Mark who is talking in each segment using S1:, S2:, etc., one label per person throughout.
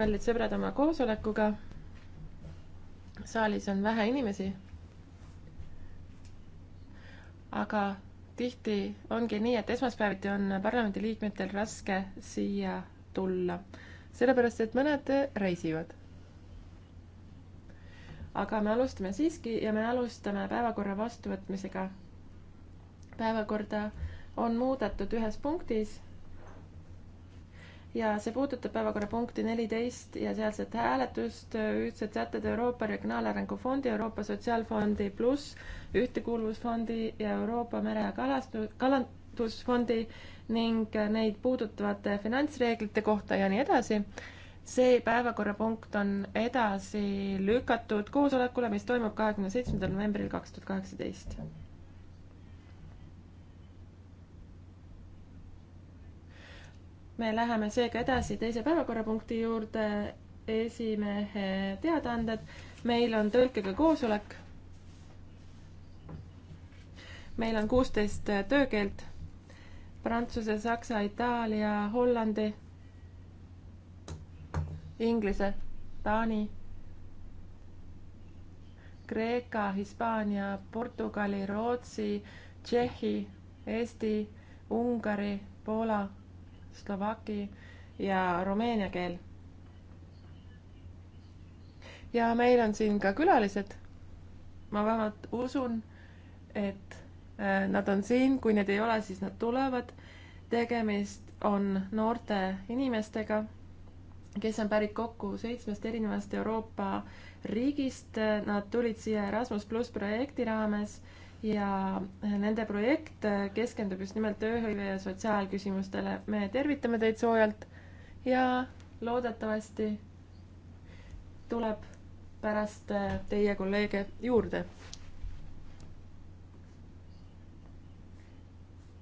S1: kallid sõbrad oma koosolekuga. saalis on vähe inimesi. aga tihti ongi nii, et esmaspäeviti on parlamendiliikmetel raske siia tulla, sellepärast et mõned reisivad. aga me alustame siiski ja me alustame päevakorra vastuvõtmisega. päevakorda on muudetud ühes punktis ja see puudutab päevakorrapunkti neliteist ja sealset hääletust, ühtsed sätted Euroopa Regionaalarengu Fondi, Euroopa Sotsiaalfondi pluss, Ühtekuuluvusfondi ja Euroopa Mere- ja Kalastu-, Kalandusfondi ning neid puudutavate finantsreeglite kohta ja nii edasi. see päevakorrapunkt on edasi lükatud koosolekule, mis toimub kahekümne seitsmendal novembril kaks tuhat kaheksateist. me läheme seega edasi teise päevakorrapunkti juurde, esimehe teadaanded. meil on tõlkega koosolek. meil on kuusteist töökeelt. Prantsuse, Saksa, Itaalia, Hollandi, Inglise, Taani, Kreeka, Hispaania, Portugali, Rootsi, Tšehhi, Eesti, Ungari, Poola slovaki ja rumeenia keel. ja meil on siin ka külalised. ma vähemalt usun, et äh, nad on siin, kui need ei ole, siis nad tulevad. tegemist on noorte inimestega, kes on pärit kokku seitsmest erinevast Euroopa riigist. Nad tulid siia Erasmus pluss projekti raames ja äh, nende projekt äh, keskendub just nimelt tööhõive ja sotsiaalküsimustele. me tervitame teid soojalt ja loodetavasti tuleb pärast äh, teie kolleege juurde.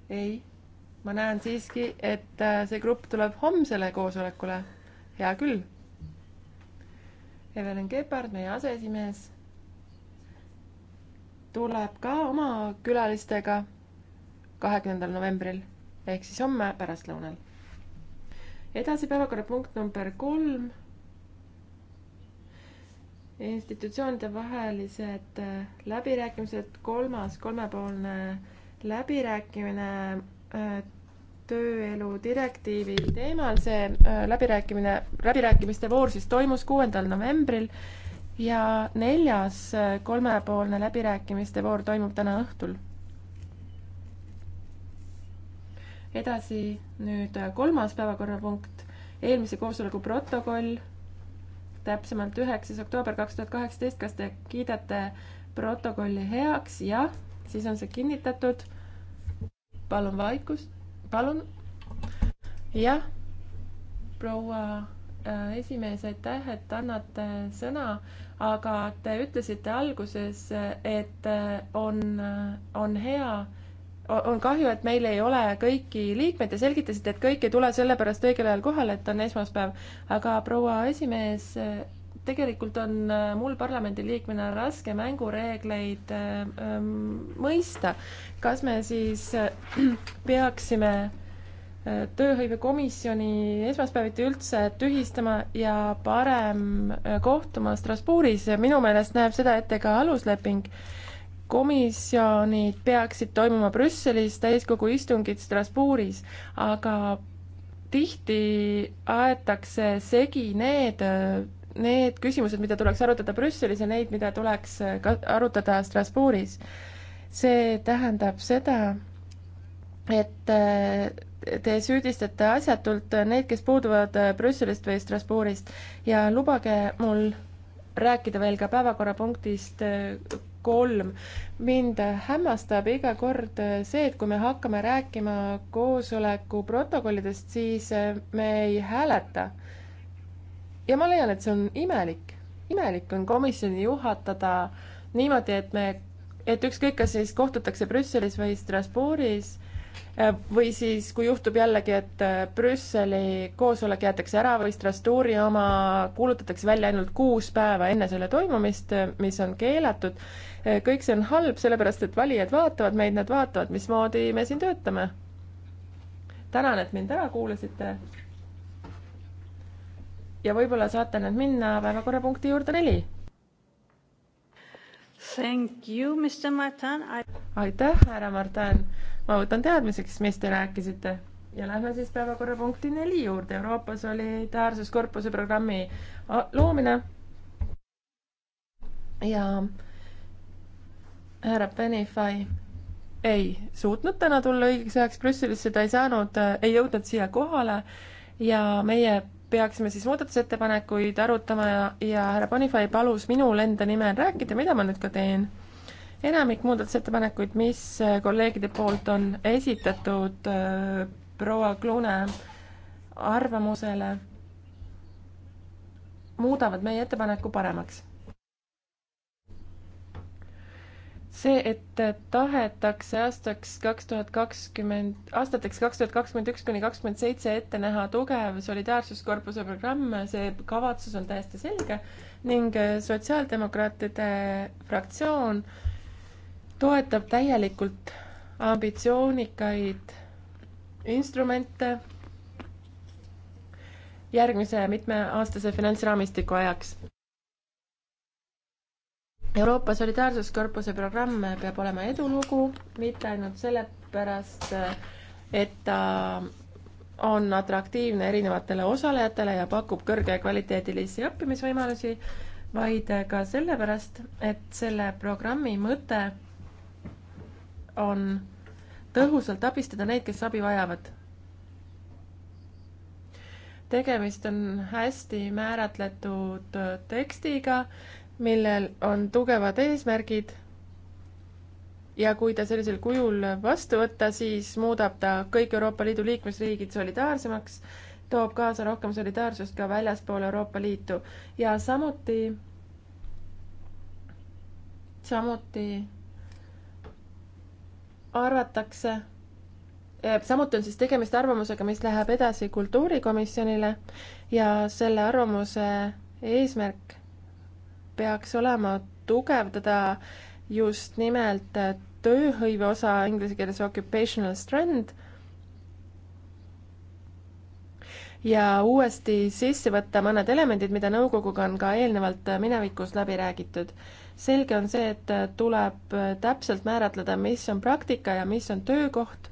S1: ei, ma näen siiski, et see grupp tuleb homsele koosolekule. hea küll. Evelyn Kepard, meie aseesimees tuleb ka oma külalistega kahekümnendal novembril ehk siis homme pärastlõunal. edasi päevakorrapunkt number kolm. institutsioonide vahelised äh, läbirääkimised, kolmas kolmepoolne läbirääkimine äh, tööelu direktiivi teemal, see äh, läbirääkimine, läbirääkimiste voor siis toimus kuuendal novembril ja neljas äh, kolmepoolne läbirääkimiste voor toimub täna õhtul. edasi nüüd äh, kolmas päevakorrapunkt, eelmise koosoleku protokoll, täpsemalt üheksas oktoober kaks tuhat kaheksateist, kas te kiidate protokolli heaks, jah, siis on see kinnitatud. palun vaikust, palun. jah, proua äh, esimees, aitäh, et annate sõna aga te ütlesite alguses, et on, on hea on kahju, et meil ei ole kõiki liikmeid ja selgitasite, et kõik ei tule sellepärast õigel ajal kohale, et on esmaspäev. aga proua esimees, tegelikult on mul parlamendiliikmena raske mängureegleid ähm, mõista. kas me siis peaksime äh, tööhõivekomisjoni esmaspäeviti üldse tühistama ja parem äh, kohtuma Strasbourgis. minu meelest näeb seda ette ka alusleping. komisjonid peaksid toimuma Brüsselis, täiskogu istungid Strasbourgis, aga tihti aetakse segi need äh, need küsimused, mida tuleks arutada Brüsselis ja neid, mida tuleks ka arutada Strasbourgis. see tähendab seda, et äh, te süüdistate asjatult neid, kes puuduvad äh, Brüsselist või Strasbourgist ja lubage mul rääkida veel ka päevakorrapunktist äh, kolm. mind hämmastab iga kord see, et kui me hakkame rääkima koosoleku protokollidest, siis me ei hääleta. ja ma leian, et see on imelik. imelik on komisjoni juhatada niimoodi, et me, et ükskõik, kas siis kohtutakse Brüsselis või Strasbourgis Äh, või siis, kui juhtub jällegi, et äh, Brüsseli koosolek jäetakse ära või Strasbourgi oma kuulutatakse välja ainult kuus päeva enne selle toimumist, äh, mis on keelatud, kõik see on halb, sellepärast et valijad vaatavad meid, nad vaatavad, mismoodi me siin töötame. tänan, et mind ära kuulasite. ja võib-olla saate nüüd minna päevakorrapunkti juurde neli. Thank you, Mr Martin I.... aitäh, härra Martin ma võtan teadmiseks, mis te rääkisite ja lähme siis päevakorrapunkti neli juurde, Euroopa Solidaarsuskorpuse programmi loomine. ja härra Benify ei suutnud täna tulla õigeks ajaks Brüsselisse, ta ei saanud, ei jõudnud siia kohale ja meie peaksime siis muudatusettepanekuid arutama ja, ja härra Bonifay palus minul enda nimel rääkida, mida ma nüüd ka teen enamik muudatusettepanekuid, mis äh, kolleegide poolt on esitatud äh, proua Klune arvamusele, muudavad meie ettepaneku paremaks. see, et tahetakse aastaks kaks tuhat kakskümmend, aastateks kaks tuhat kakskümmend üks kuni kakskümmend seitse ette näha tugev solidaarsuskorpuse programm, see kavatsus on täiesti selge ning äh, sotsiaaldemokraatide fraktsioon äh, toetab täielikult ambitsioonikaid instrumente järgmise mitmeaastase finantsraamistiku ajaks. Euroopa Solidaarsuskorpuse programm peab olema edulugu, mitte ainult sellepärast, et ta on atraktiivne erinevatele osalejatele ja pakub kõrgekvaliteedilisi õppimisvõimalusi, vaid ka sellepärast, et selle programmi mõte on tõhusalt abistada neid, kes abi vajavad. tegemist on hästi määratletud tekstiga, millel on tugevad eesmärgid ja kui ta sellisel kujul vastu võtta, siis muudab ta kõik Euroopa Liidu liikmesriigid solidaarsemaks, toob kaasa rohkem solidaarsust ka väljaspool Euroopa Liitu ja samuti, samuti arvatakse, eh, samuti on siis tegemist arvamusega, mis läheb edasi kultuurikomisjonile ja selle arvamuse eesmärk peaks olema tugevdada just nimelt tööhõive osa, inglise keeles occupational strand, ja uuesti sisse võtta mõned elemendid, mida nõukoguga on ka eelnevalt minevikus läbi räägitud selge on see, et tuleb täpselt määratleda, mis on praktika ja mis on töökoht.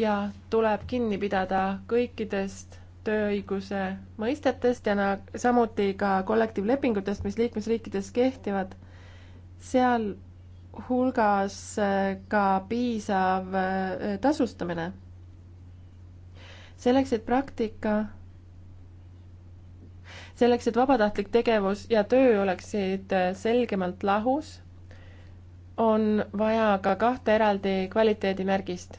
S1: ja tuleb kinni pidada kõikidest tööõiguse mõistetest ja samuti ka kollektiivlepingutest, mis liikmesriikides kehtivad. sealhulgas äh, ka piisav äh, tasustamine. selleks, et praktika selleks, et vabatahtlik tegevus ja töö oleksid äh, selgemalt lahus, on vaja ka kahte eraldi kvaliteedimärgist.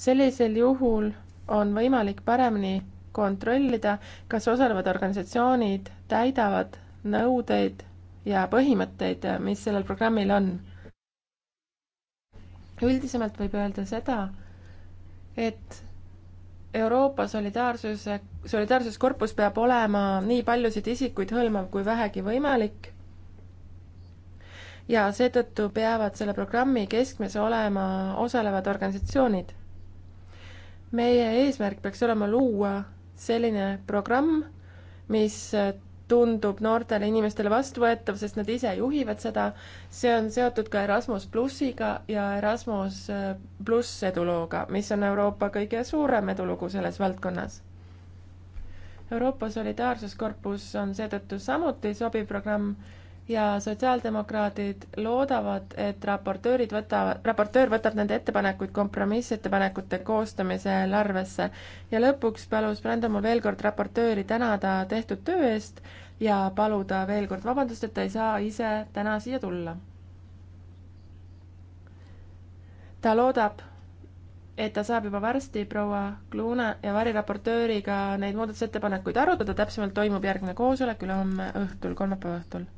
S1: sellisel juhul on võimalik paremini kontrollida, kas osalevad organisatsioonid täidavad nõudeid ja põhimõtteid, äh, mis sellel programmil on. üldisemalt võib öelda seda, et Euroopa solidaarsuse, solidaarsuskorpus peab olema nii paljusid isikuid hõlmav kui vähegi võimalik ja seetõttu peavad selle programmi keskmes olema osalevad organisatsioonid. meie eesmärk peaks olema luua selline programm, mis tundub noortele inimestele vastuvõetav, sest nad ise juhivad seda. see on seotud ka Erasmus plussiga ja Erasmus äh, pluss edulooga, mis on Euroopa kõige suurem edulugu selles valdkonnas. Euroopa Solidaarsuskorpus on seetõttu samuti sobiv programm ja sotsiaaldemokraadid loodavad, et raportöörid võtavad, raportöör võtab nende ettepanekuid kompromissettepanekute koostamisel arvesse. ja lõpuks palus Brando mul veel kord raportööri tänada tehtud töö eest ja paluda veel kord vabandust, et ta ei saa ise täna siia tulla. ta loodab, et ta saab juba varsti proua Kluuna ja variraportööriga neid muudatusettepanekuid arutada, täpsemalt toimub järgmine koosolek ülehomme õhtul, kolmapäeva õhtul.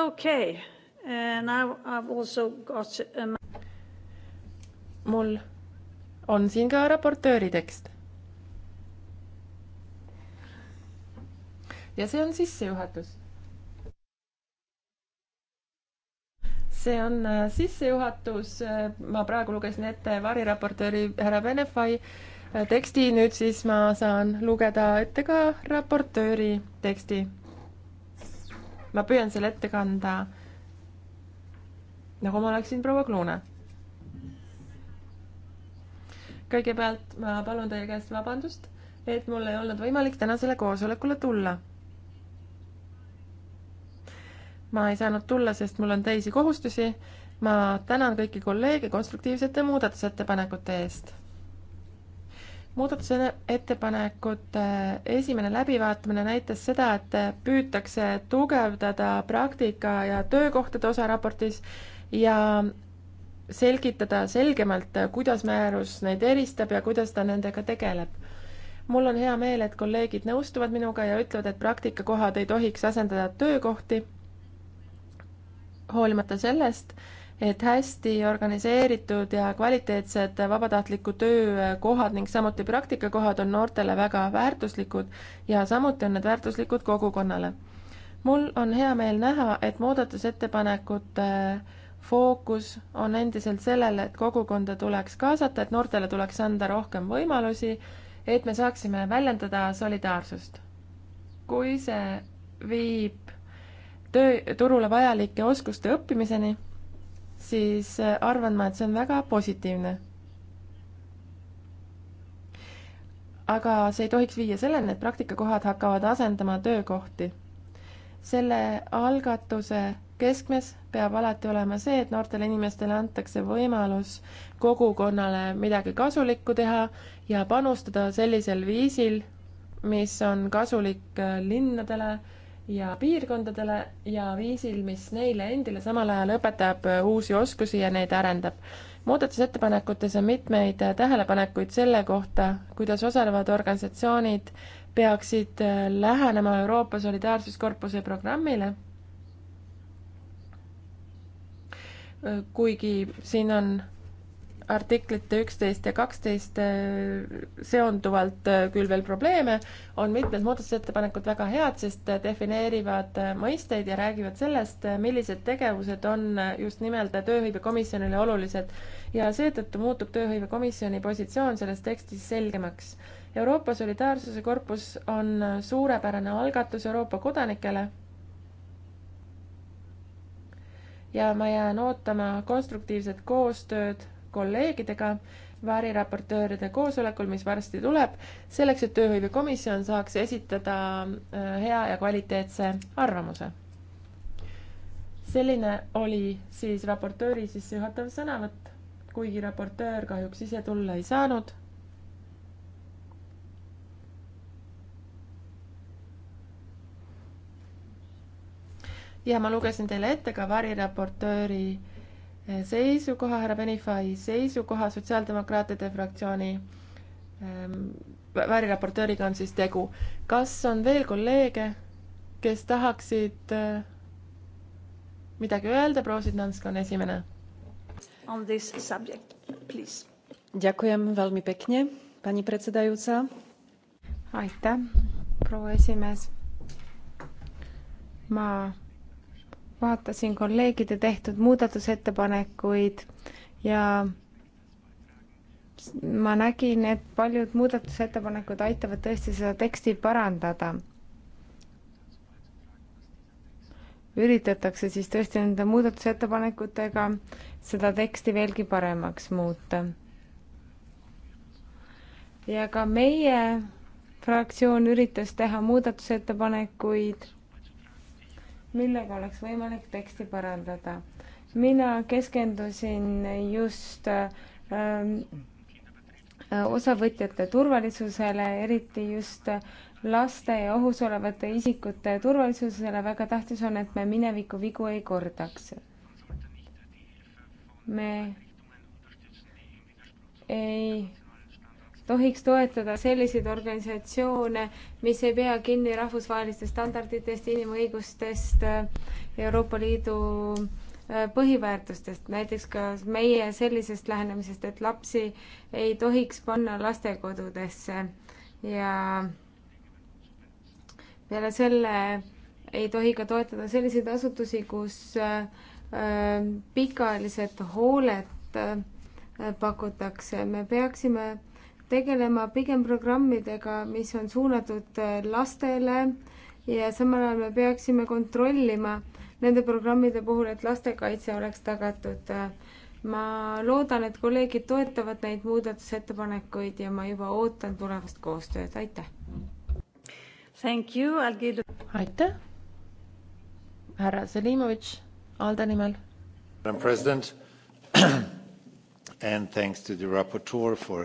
S2: okei okay Now I've also got a... Um,
S1: mul on siin ka raportööri tekst. ja see on sissejuhatus. see on äh, sissejuhatus, ma praegu lugesin ette variraportööri härra Venefai äh, teksti, nüüd siis ma saan lugeda ette ka raportööri teksti. ma püüan selle ette kanda nagu ma oleksin proua Kloone. kõigepealt ma palun teie käest vabandust, et mul ei olnud võimalik tänasele koosolekule tulla. ma ei saanud tulla, sest mul on teisi kohustusi. ma tänan kõiki kolleege konstruktiivsete muudatusettepanekute eest muudatusettepanekute esimene läbivaatamine näitas seda, et püütakse tugevdada praktika ja töökohtade osa raportis ja selgitada selgemalt, kuidas määrus neid eristab ja kuidas ta nendega tegeleb. mul on hea meel, et kolleegid nõustuvad minuga ja ütlevad, et praktikakohad ei tohiks asendada töökohti, hoolimata sellest, et hästi organiseeritud ja kvaliteetsed vabatahtliku töö kohad ning samuti praktikakohad on noortele väga väärtuslikud ja samuti on need väärtuslikud kogukonnale. mul on hea meel näha, et muudatusettepanekute äh, fookus on endiselt sellel, et kogukonda tuleks kaasata, et noortele tuleks anda rohkem võimalusi, et me saaksime väljendada solidaarsust. kui see viib tööturule vajalike oskuste õppimiseni, siis äh, arvan ma, et see on väga positiivne. aga see ei tohiks viia selleni, et praktikakohad hakkavad asendama töökohti. selle algatuse keskmes peab alati olema see, et noortele inimestele antakse võimalus kogukonnale midagi kasulikku teha ja panustada sellisel viisil, mis on kasulik äh, linnadele ja piirkondadele ja viisil, mis neile endile samal ajal õpetab äh, uusi oskusi ja neid arendab. muudatusettepanekutes on mitmeid äh, tähelepanekuid selle kohta, kuidas osalevad organisatsioonid peaksid lähenema Euroopa Solidaarsuskorpuse programmile kuigi siin on artiklite üksteist ja kaksteist äh, seonduvalt äh, küll veel probleeme, on mitmed muudatusettepanekud väga head, sest äh, defineerivad mõisteid ja räägivad sellest, millised tegevused on just nimelt tööhõivekomisjonile olulised. ja seetõttu muutub tööhõivekomisjoni positsioon selles tekstis selgemaks. Euroopa Solidaarsuse Korpus on suurepärane algatus Euroopa kodanikele ja ma jään ootama konstruktiivset koostööd kolleegidega variraportööride koosolekul, mis varsti tuleb, selleks, et tööhõivekomisjon saaks esitada äh, hea ja kvaliteetse arvamuse. selline oli siis raportööri sissejuhatav sõnavõtt, kuigi raportöör kahjuks ise tulla ei saanud ja ma lugesin teile ette ka variraportööri eh, seisukoha, härra Benifai seisukoha Sotsiaaldemokraatide fraktsiooni ähm, variraportööriga on siis tegu. kas on veel kolleege, kes tahaksid äh, midagi öelda, proua Sidnansk on esimene.
S2: On this subject, please.
S1: Ďakujem veľmi pekne, pani predsedajúca.
S3: aitäh, proua esimees. ma vaatasin kolleegide tehtud muudatusettepanekuid ja ma nägin, et paljud muudatusettepanekud aitavad tõesti seda teksti parandada. üritatakse siis tõesti nende muudatusettepanekutega seda teksti veelgi paremaks muuta. ja ka meie fraktsioon üritas teha muudatusettepanekuid millega oleks võimalik teksti parandada. mina keskendusin just ähm, osavõtjate turvalisusele, eriti just laste ja ohus olevate isikute turvalisusele, väga tähtis on, et me mineviku vigu ei kordaks. me ei tohiks toetada selliseid organisatsioone, mis ei pea kinni rahvusvahelistest standarditest, inimõigustest, Euroopa Liidu äh, põhiväärtustest, näiteks ka meie sellisest lähenemisest, et lapsi ei tohiks panna lastekodudesse ja peale selle ei tohi ka toetada selliseid asutusi, kus äh, äh, pikaajaliselt hoolet pakutakse, me peaksime tegelema pigem programmidega, mis on suunatud äh, lastele ja samal ajal me peaksime kontrollima nende programmide puhul, et lastekaitse oleks tagatud. ma loodan, et kolleegid toetavad neid muudatusettepanekuid ja ma juba ootan tulevast koostööd, aitäh! Thank you, Algidu. aitäh!
S1: härra Selimovitš, ALDE nimel. Madam President For...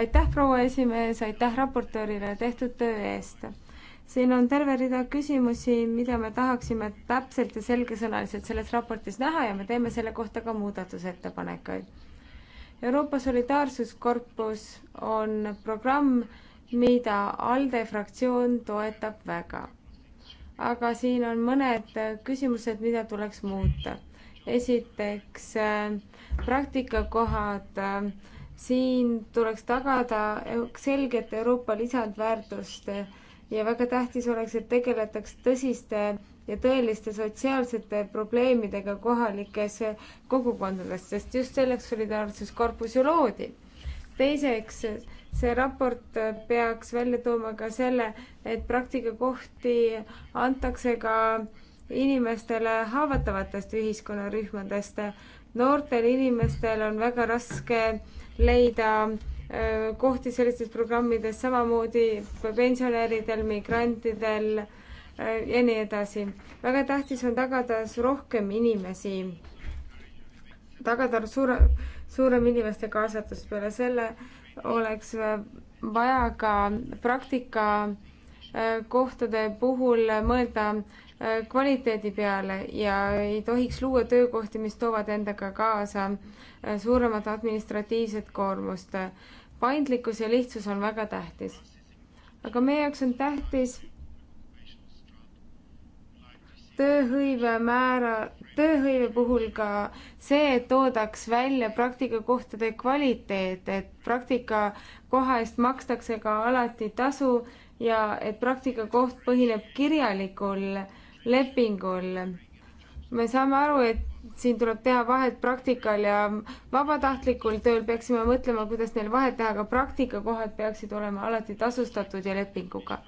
S3: aitäh, proua esimees, aitäh raportöörile tehtud töö eest. siin on terve rida küsimusi, mida me tahaksime täpselt ja selgesõnaliselt selles raportis näha ja me teeme selle kohta ka muudatusettepanekuid. Euroopa Solidaarsuskorpus on programm, mida ALDE fraktsioon toetab väga. aga siin on mõned küsimused, mida tuleks muuta. esiteks äh, praktikakohad. Äh, siin tuleks tagada selget Euroopa lisandväärtust ja väga tähtis oleks, et tegeletaks tõsiste ja tõeliste sotsiaalsete probleemidega kohalikes kogukondades, sest just selleks solidaarsuskorpus ju loodi. teiseks, see raport peaks välja tooma ka selle, et praktikakohti antakse ka inimestele haavatavatest ühiskonnarühmadest noortel inimestel on väga raske leida äh, kohti sellistes programmides, samamoodi pensionäridel, migrantidel äh, ja nii edasi. väga tähtis on tagada rohkem inimesi, tagada suure, suurem inimeste kaasatus, peale selle oleks vaja ka praktika äh, kohtade puhul mõelda Äh, kvaliteedi peale ja ei tohiks luua töökohti, mis toovad endaga kaasa äh, suuremat administratiivset koormust. paindlikkus ja lihtsus on väga tähtis. aga meie jaoks on tähtis tööhõive määra, tööhõive puhul ka see, et toodaks välja praktikakohtade kvaliteet, et praktikakoha eest makstakse ka alati tasu ja et praktikakoht põhineb kirjalikul äh, lepingul. me saame aru, et siin tuleb teha vahet praktikal ja vabatahtlikul tööl peaksime mõtlema, kuidas neil vahet teha, aga praktikakohad peaksid olema alati tasustatud ja lepinguga.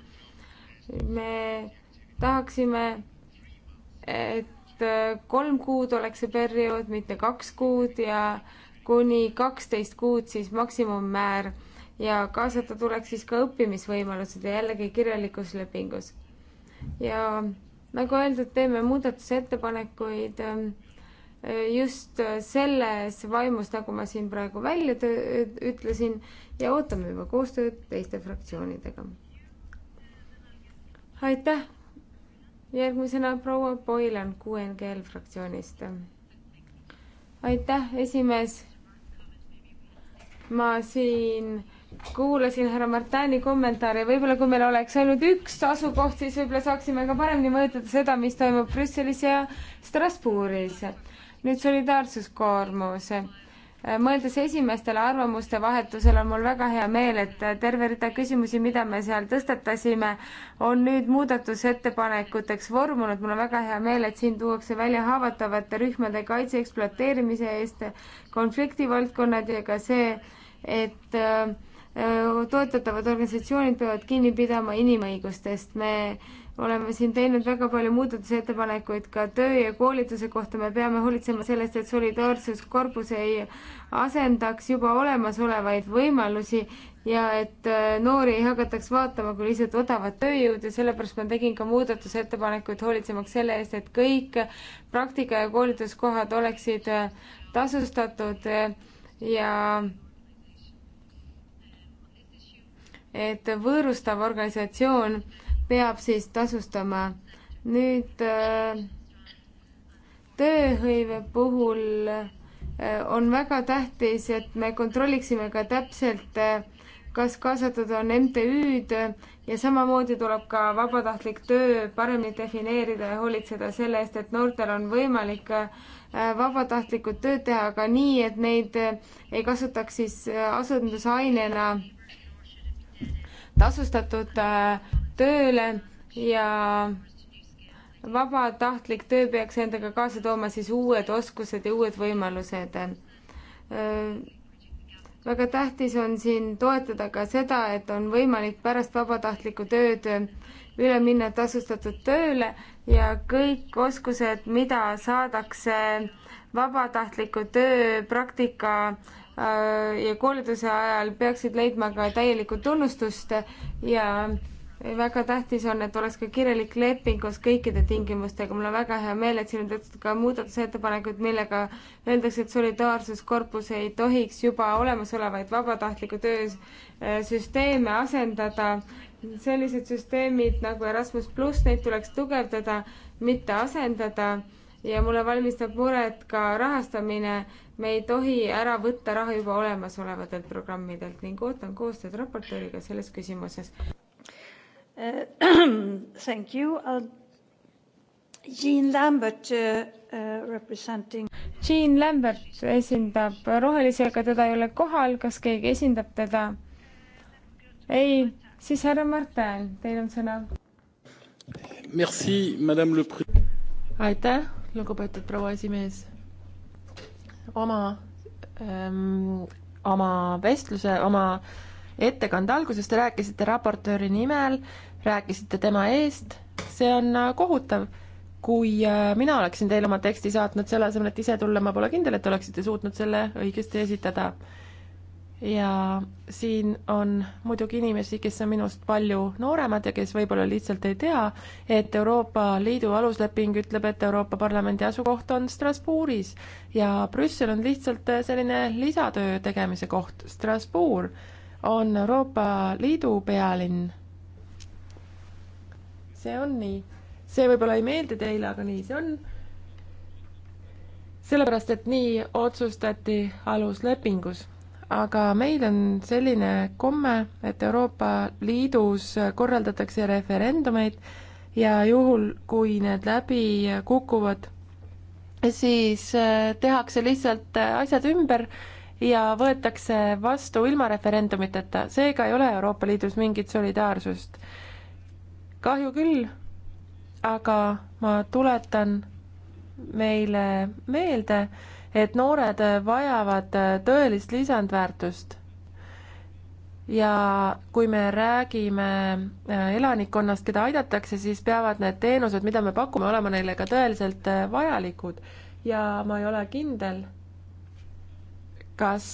S3: me tahaksime, et kolm kuud oleks see periood, mitte kaks kuud ja kuni kaksteist kuud siis maksimummäär ja kaasata tuleks siis ka õppimisvõimalused ja jällegi kirjalikus lepingus. ja nagu öeldud, teeme muudatusettepanekuid ähm, just selles vaimus, nagu ma siin praegu välja ütlesin ja ootame juba koostööd teiste fraktsioonidega. aitäh. järgmisena proua Boylan QNGL fraktsioonist. aitäh, esimees. ma siin kuulasin härra Martani kommentaari, võib-olla kui meil oleks ainult üks asukoht, siis võib-olla saaksime ka paremini mõjutada seda, mis toimub Brüsselis ja Strasbourgis. nüüd solidaarsuskoormus. mõeldes esimestele arvamuste vahetusele, on mul väga hea meel, et terve rida küsimusi, mida me seal tõstatasime, on nüüd muudatusettepanekuteks vormunud. mul on väga hea meel, et siin tuuakse välja haavatavate rühmade kaitse ekspluateerimise eest konfliktivaldkonnad ja ka see, et äh, Äh, toetatavad organisatsioonid peavad kinni pidama inimõigustest. me oleme siin teinud väga palju muudatusettepanekuid ka töö ja koolituse kohta, me peame hoolitsema sellest, et solidaarsuskorpus ei asendaks juba olemasolevaid võimalusi ja et äh, noori ei hakataks vaatama kui lihtsalt odavat tööjõud ja sellepärast ma tegin ka muudatusettepanekuid hoolitsemaks selle eest, et kõik praktika ja koolituskohad oleksid äh, tasustatud ja et võõrustav organisatsioon peab siis tasustama. nüüd äh, tööhõive puhul äh, on väga tähtis, et me kontrolliksime ka täpselt, äh, kas kaasatud on MTÜ-d ja samamoodi tuleb ka vabatahtlik töö paremini defineerida ja hoolitseda selle eest, et noortel on võimalik vabatahtlikult tööd teha, aga nii, et neid ei kasutaks siis asendusainena tasustatud äh, tööle ja vabatahtlik töö peaks endaga kaasa tooma siis uued oskused ja uued võimalused. Äh, väga tähtis on siin toetada ka seda, et on võimalik pärast vabatahtlikku tööd üle minna tasustatud tööle ja kõik oskused, mida saadakse vabatahtliku töö praktika Äh, ja koolituse ajal peaksid leidma ka täielikku tunnustust ja väga tähtis on, et oleks ka kirjalik leping koos kõikide tingimustega. mul on väga hea meel, et siin on tehtud ka muudatusettepanekud, millega öeldakse, et solidaarsuskorpus ei tohiks juba olemasolevaid vabatahtliku töösüsteeme äh, asendada. sellised süsteemid nagu Erasmus pluss, neid tuleks tugevdada, mitte asendada ja mulle valmistab muret ka rahastamine me ei tohi ära võtta raha juba olemasolevatelt programmidelt ning ootan koostööd raportööriga selles küsimuses. Äh, thank you uh,. Jean Lambert uh, uh, representing. Jean Lambert esindab Rohelisi, aga teda ei ole kohal, kas keegi esindab teda? ei, siis härra Martin, teil on sõna. Merci, madame le.
S1: aitäh, lugupeetud proua esimees oma ähm,, oma vestluse, oma ettekande alguses te rääkisite raportööri nimel, rääkisite tema eest, see on äh, kohutav. kui äh, mina oleksin teile oma teksti saatnud, selle asemel, et ise tulla, ma pole kindel, et oleksite suutnud selle õigesti esitada ja siin on muidugi inimesi, kes on minust palju nooremad ja kes võib-olla lihtsalt ei tea, et Euroopa Liidu alusleping ütleb, et Euroopa Parlamendi asukoht on Strasbourgis ja Brüssel on lihtsalt selline lisatöö tegemise koht. Strasbourg on Euroopa Liidu pealinn. see on nii. see võib-olla ei meeldi teile, aga nii see on sellepärast, et nii otsustati aluslepingus aga meil on selline komme, et Euroopa Liidus korraldatakse referendumeid ja juhul, kui need läbi kukuvad, siis äh, tehakse lihtsalt äh, asjad ümber ja võetakse vastu ilma referendumiteta, seega ei ole Euroopa Liidus mingit solidaarsust. kahju küll, aga ma tuletan meile meelde, et noored vajavad äh, tõelist lisandväärtust. ja kui me räägime äh, elanikkonnast, keda aidatakse, siis peavad need teenused, mida me pakume, olema neile ka tõeliselt äh, vajalikud. ja ma ei ole kindel, kas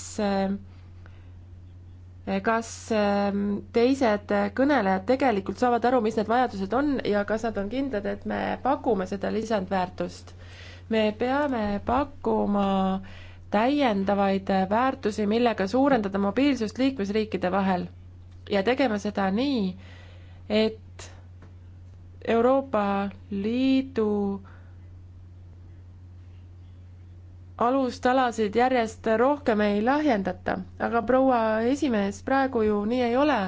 S1: kas ähm, teised kõnelejad tegelikult saavad aru, mis need vajadused on ja kas nad on kindlad, et me pakume seda lisandväärtust? me peame pakkuma täiendavaid väärtusi, millega suurendada mobiilsust liikmesriikide vahel ja tegema seda nii, et Euroopa Liidu alustalasid järjest rohkem ei lahjendata, aga proua esimees, praegu ju nii ei ole.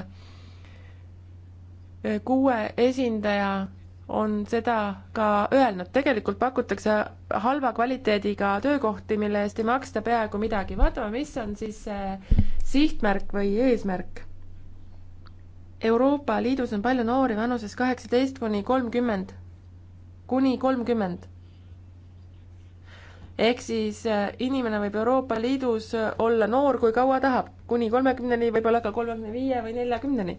S1: kuue esindaja on seda ka öelnud, tegelikult pakutakse halva kvaliteediga töökohti, mille eest ei maksta peaaegu midagi. vaatame, mis on siis see sihtmärk või eesmärk. Euroopa Liidus on palju noori vanuses kaheksateist kuni kolmkümmend, kuni kolmkümmend. ehk siis äh, inimene võib Euroopa Liidus olla noor, kui kaua tahab, kuni kolmekümneni, võib-olla ka kolmekümne viie või neljakümneni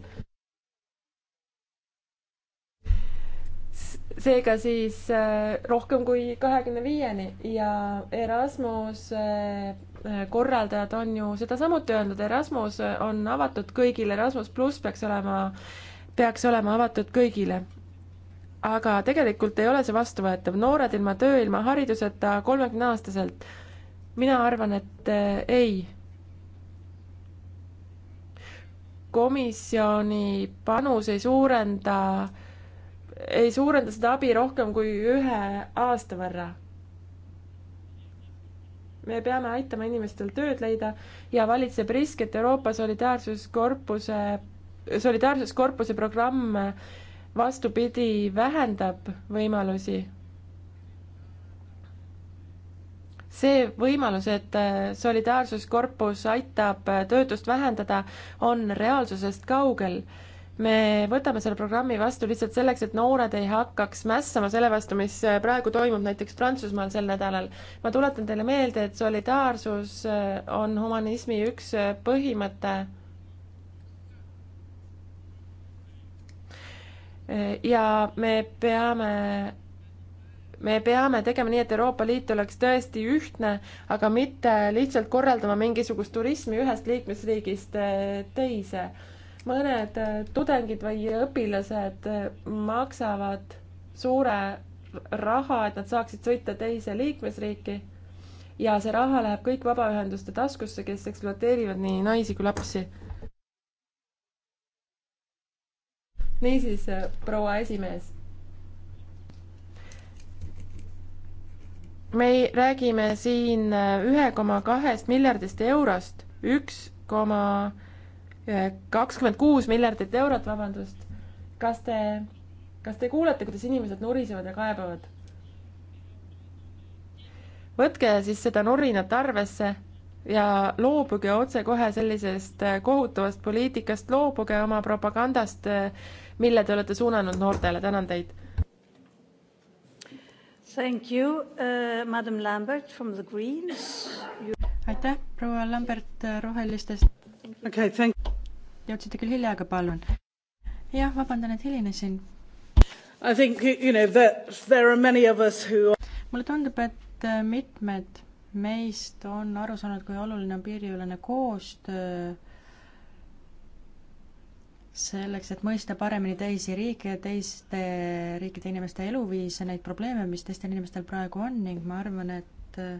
S1: seega siis äh, rohkem kui kahekümne viieni ja Erasmus äh, äh, korraldajad on ju seda samuti öelnud, Erasmus on avatud kõigile, Erasmus pluss peaks olema, peaks olema avatud kõigile. aga tegelikult ei ole see vastuvõetav, noored ilma töö, ilma hariduseta, kolmekümneaastaselt. mina arvan, et ei. komisjoni panus ei suurenda äh, ei suurenda seda abi rohkem kui ühe aasta võrra. me peame aitama inimestel tööd leida ja valitseb risk, et Euroopa Solidaarsuskorpuse, Solidaarsuskorpuse programm vastupidi, vähendab võimalusi. see võimalus, et Solidaarsuskorpus aitab töötust vähendada, on reaalsusest kaugel me võtame selle programmi vastu lihtsalt selleks, et noored ei hakkaks mässama selle vastu, mis praegu toimub näiteks Prantsusmaal sel nädalal. ma tuletan teile meelde, et solidaarsus äh, on humanismi üks äh, põhimõte. Äh, ja me peame me peame tegema nii, et Euroopa Liit oleks tõesti ühtne, aga mitte lihtsalt korraldama mingisugust turismi ühest liikmesriigist teise mõned äh, tudengid või õpilased äh, maksavad suure raha, et nad saaksid sõita teise liikmesriiki. ja see raha läheb kõik vabaühenduste taskusse, kes ekspluateerivad nii naisi kui lapsi. niisiis, äh, proua esimees. me räägime siin ühe koma kahest miljardist eurost, üks koma 1,2 kakskümmend kuus miljardit eurot, vabandust. kas te, kas te kuulete, kuidas inimesed nurisevad ja kaebavad? võtke siis seda nurinat arvesse ja loobuge otsekohe sellisest kohutavast poliitikast, loobuge oma propagandast, mille te olete suunanud noortele, tänan teid.
S2: Thank you uh,, madam Lambert from the Greens you.... aitäh, proua Lambert Rohelistest. okei okay,, thank you jõudsite küll hilja, aga palun. jah, vabandan, et hilinesin. I think you know that there are many of us who mulle tundub, et äh, mitmed meist on aru saanud, kui oluline on piiriülene koostöö selleks, et mõista paremini teisi riike ja teiste riikide inimeste eluviise, neid probleeme, mis teistel inimestel praegu on ning ma arvan, et äh,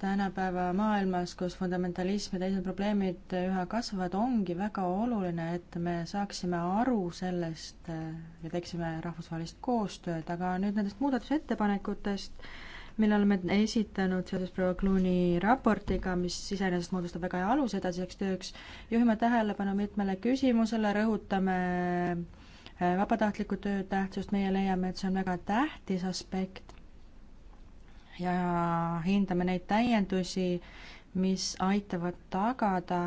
S2: tänapäeva maailmas, kus fundamentalism ja teised probleemid üha kasvavad, ongi väga oluline, et me saaksime aru sellest äh, ja teeksime rahvusvahelist koostööd, aga nüüd nendest muudatusettepanekutest, mille oleme esitanud seoses proua Clooney raportiga, mis iseenesest moodustab väga hea aluse edasiseks tööks, juhime tähelepanu mitmele küsimusele, rõhutame äh, vabatahtliku töö tähtsust, meie leiame, et see on väga tähtis aspekt ja hindame neid täiendusi, mis aitavad tagada,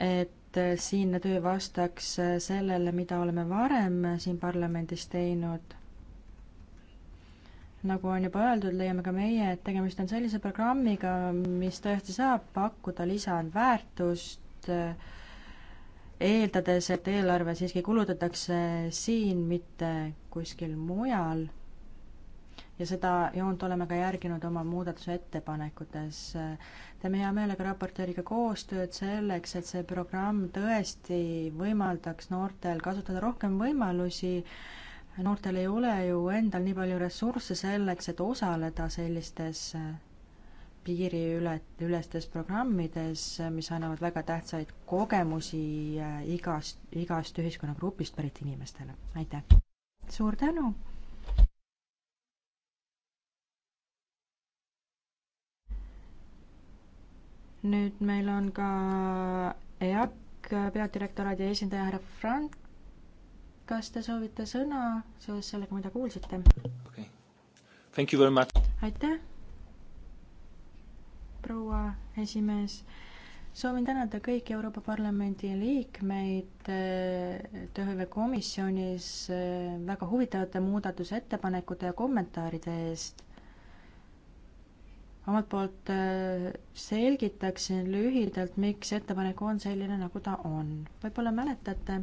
S2: et siinne töö vastaks sellele, mida oleme varem siin parlamendis teinud. nagu on juba öeldud, leiame ka meie, et tegemist on sellise programmiga, mis tõesti saab pakkuda lisandväärtust, eeldades, et eelarve siiski kulutatakse siin, mitte kuskil mujal ja seda joont oleme ka järginud oma muudatusettepanekutes. teeme hea meelega raportööriga koostööd selleks, et see programm tõesti võimaldaks noortel kasutada rohkem võimalusi, noortel ei ole ju endal nii palju ressursse selleks, et osaleda sellistes piiriület-, ülestes programmides, mis annavad väga tähtsaid kogemusi igast, igast ühiskonnagrupist pärit inimestele. aitäh! suur tänu! nüüd meil on ka EAK peadirektoraadi esindaja härra Frank. kas te soovite sõna seoses sellega, mida kuulsite okay.? aitäh, proua esimees. soovin tänada kõiki Euroopa Parlamendi liikmeid eh, tööhõivekomisjonis eh, väga huvitavate muudatusettepanekute ja kommentaaride eest omalt poolt äh, selgitaksin lühidalt, miks ettepanek on selline, nagu ta on. võib-olla mäletate,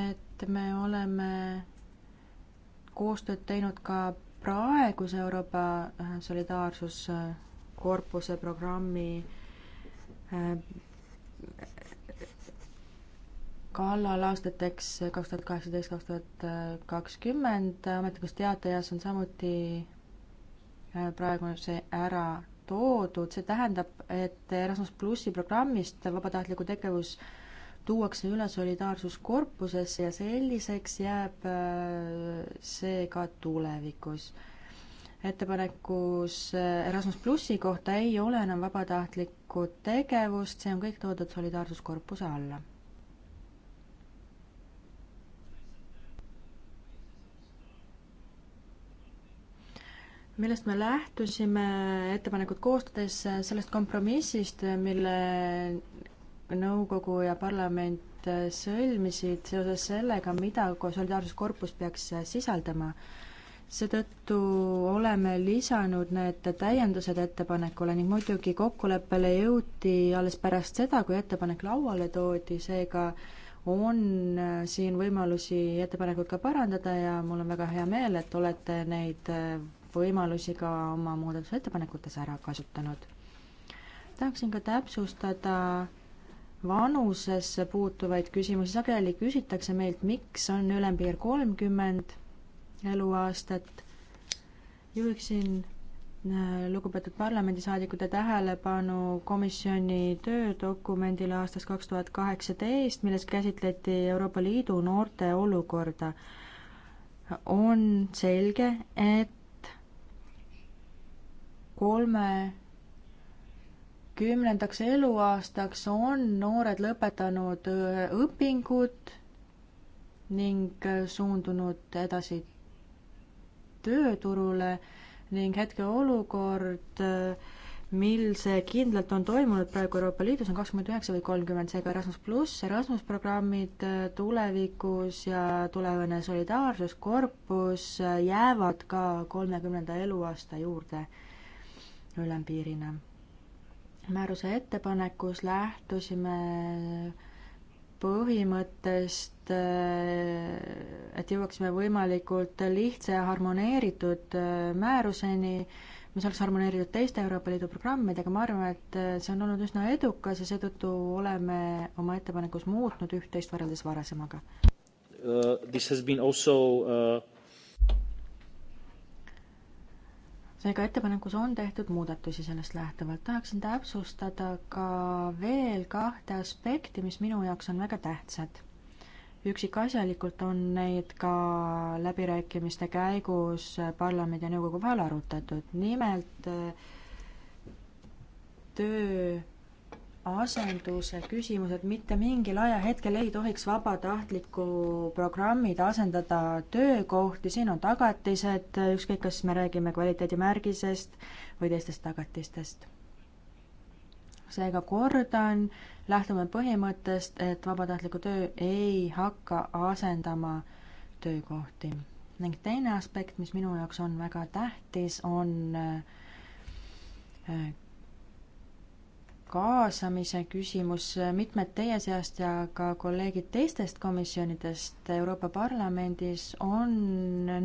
S2: et me oleme koostööd teinud ka praeguse Euroopa äh, solidaarsuskorpuse programmi äh, kallal aastateks kaks tuhat kaheksateist, kaks tuhat kakskümmend, ametlikus teatajas on samuti Äh, praegu see ära toodud, see tähendab, et Erasmus plussi programmist vabatahtliku tegevus tuuakse üle solidaarsuskorpusesse ja selliseks jääb äh, see ka tulevikus. ettepanekus äh, Erasmus plussi kohta ei ole enam vabatahtlikku tegevust, see on kõik toodud solidaarsuskorpuse alla millest me lähtusime ettepanekut koostades, sellest kompromissist, mille nõukogu ja parlament sõlmisid seoses sellega, mida solidaarsuskorpus peaks sisaldama. seetõttu oleme lisanud need täiendused ettepanekule ning muidugi kokkuleppele jõuti alles pärast seda, kui ettepanek lauale toodi, seega on siin võimalusi ettepanekut ka parandada ja mul on väga hea meel, et olete neid võimalusi ka oma muudatusettepanekutes ära kasutanud. tahaksin ka täpsustada vanusesse puutuvaid küsimusi, sageli küsitakse meilt, miks on ülempiir kolmkümmend eluaastat. juhiksin äh, lugupeetud parlamendisaadikute tähelepanu komisjoni töödokumendile aastast kaks tuhat kaheksateist, milles käsitleti Euroopa Liidu noorte olukorda. on selge, et kolme kümnendaks eluaastaks on noored lõpetanud äh, õpingud ning äh, suundunud edasi tööturule ning hetkeolukord, äh, mil see kindlalt on toimunud praegu Euroopa Liidus, on kakskümmend üheksa või kolmkümmend, seega Erasmus pluss, Erasmus programmid tulevikus ja tulevane solidaarsuskorpus jäävad ka kolmekümnenda eluaasta juurde ülempiirina. määruse ettepanekus lähtusime põhimõttest, et jõuaksime võimalikult lihtsa ja harmoneeritud määruseni, mis oleks harmoneeritud teiste Euroopa Liidu programmidega, ma arvan, et see on olnud üsna edukas ja seetõttu oleme oma ettepanekus muutnud üht-teist võrreldes varasemaga uh,. This has been also uh seega ettepanekus on tehtud muudatusi sellest lähtuvalt. tahaksin täpsustada ka veel kahte aspekti, mis minu jaoks on väga tähtsad. üksikasjalikult on neid ka läbirääkimiste käigus parlamendi ja nõukogu vahel arutatud, nimelt töö asenduse küsimus, et mitte mingil ajahetkel ei tohiks vabatahtliku programmid asendada töökohti, siin on tagatised, ükskõik, kas me räägime kvaliteedimärgisest või teistest tagatistest. seega kordan, lähtume põhimõttest, et vabatahtliku töö ei hakka asendama töökohti. ning teine aspekt, mis minu jaoks on väga tähtis, on äh, kaasamise küsimus, mitmed teie seast ja ka kolleegid teistest komisjonidest Euroopa Parlamendis on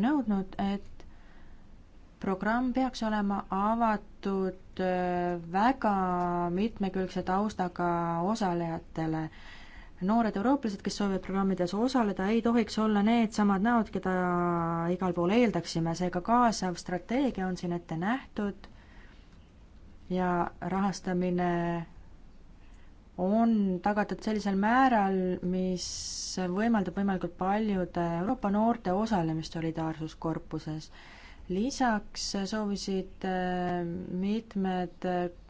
S2: nõudnud, et programm peaks olema avatud äh, väga mitmekülgse taustaga osalejatele. noored eurooplased, kes soovivad programmides osaleda, ei tohiks olla needsamad näod, keda igal pool eeldaksime, seega kaasav strateegia on siin ette nähtud ja rahastamine on tagatud sellisel määral, mis võimaldab võimalikult paljude Euroopa noorte osalemist solidaarsuskorpuses. lisaks soovisid äh, mitmed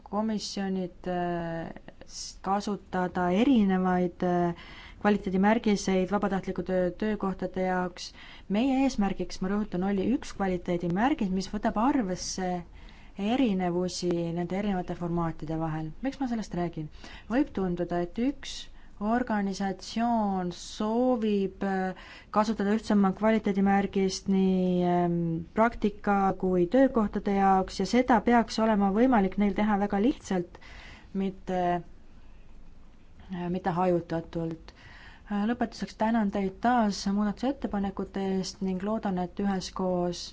S2: komisjonid äh, kasutada erinevaid äh, kvaliteedimärgiseid vabatahtliku töö, töökohtade jaoks. meie eesmärgiks, ma rõhutan, oli üks kvaliteedimärgis, mis võtab arvesse erinevusi nende erinevate formaatide vahel. miks ma sellest räägin? võib tunduda, et üks organisatsioon soovib äh, kasutada ühtsema kvaliteedimärgist nii ähm, praktika kui töökohtade jaoks ja seda peaks olema võimalik neil teha väga lihtsalt, mitte, äh, mitte hajutatult. Äh, lõpetuseks tänan teid taas muudatusettepanekute eest ning loodan, et üheskoos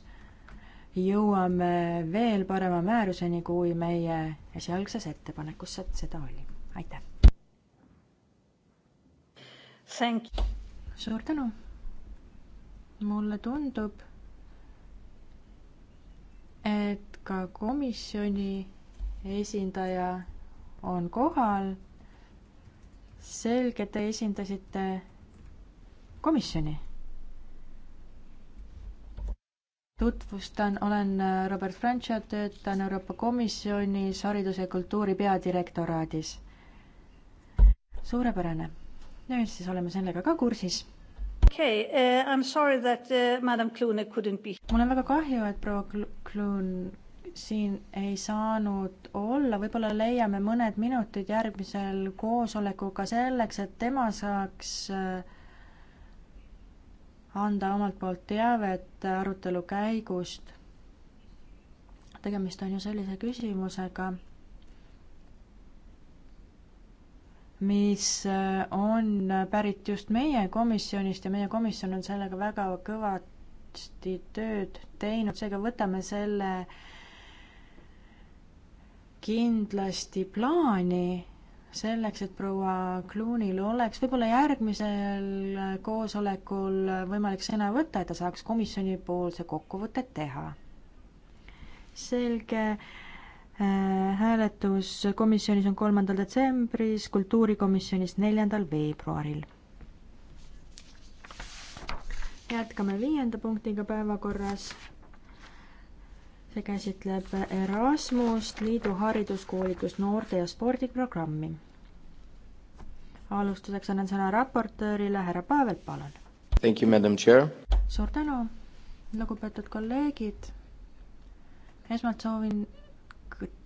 S2: jõuame veel parema määruseni, kui meie esialgses ettepanekus seda oli. aitäh! suur tänu! mulle tundub, et ka komisjoni esindaja on kohal. selge, te esindasite komisjoni tutvustan, olen äh, Robert Francia, töötan Euroopa Komisjonis hariduse ja kultuuri peadirektoraadis. suurepärane. nüüd siis oleme sellega ka kursis. Okay, uh, I am sorry that uh, Madam Clune couldn't be. mul on väga kahju, et proua Clune siin ei saanud olla, võib-olla leiame mõned minutid järgmisel koosolekuga selleks, et tema saaks uh, anda omalt poolt teavet arutelu käigust. tegemist on ju sellise küsimusega, mis on pärit just meie komisjonist ja meie komisjon on sellega väga kõvasti tööd teinud, seega võtame selle kindlasti plaani selleks, et proua Clooney'l oleks võib-olla järgmisel koosolekul võimalik sõna võtta, et ta saaks komisjonipoolse kokkuvõtte teha. selge äh,, hääletus komisjonis on kolmandal detsembris, kultuurikomisjonis neljandal veebruaril. jätkame viienda punktiga päevakorras see käsitleb Erasmust, liidu hariduskoolitust, noorte ja spordiprogrammi. alustuseks annan sõna raportöörile, härra Pavel, palun.
S1: Thank you, madam chair.
S2: suur tänu, lugupeetud kolleegid. esmalt soovin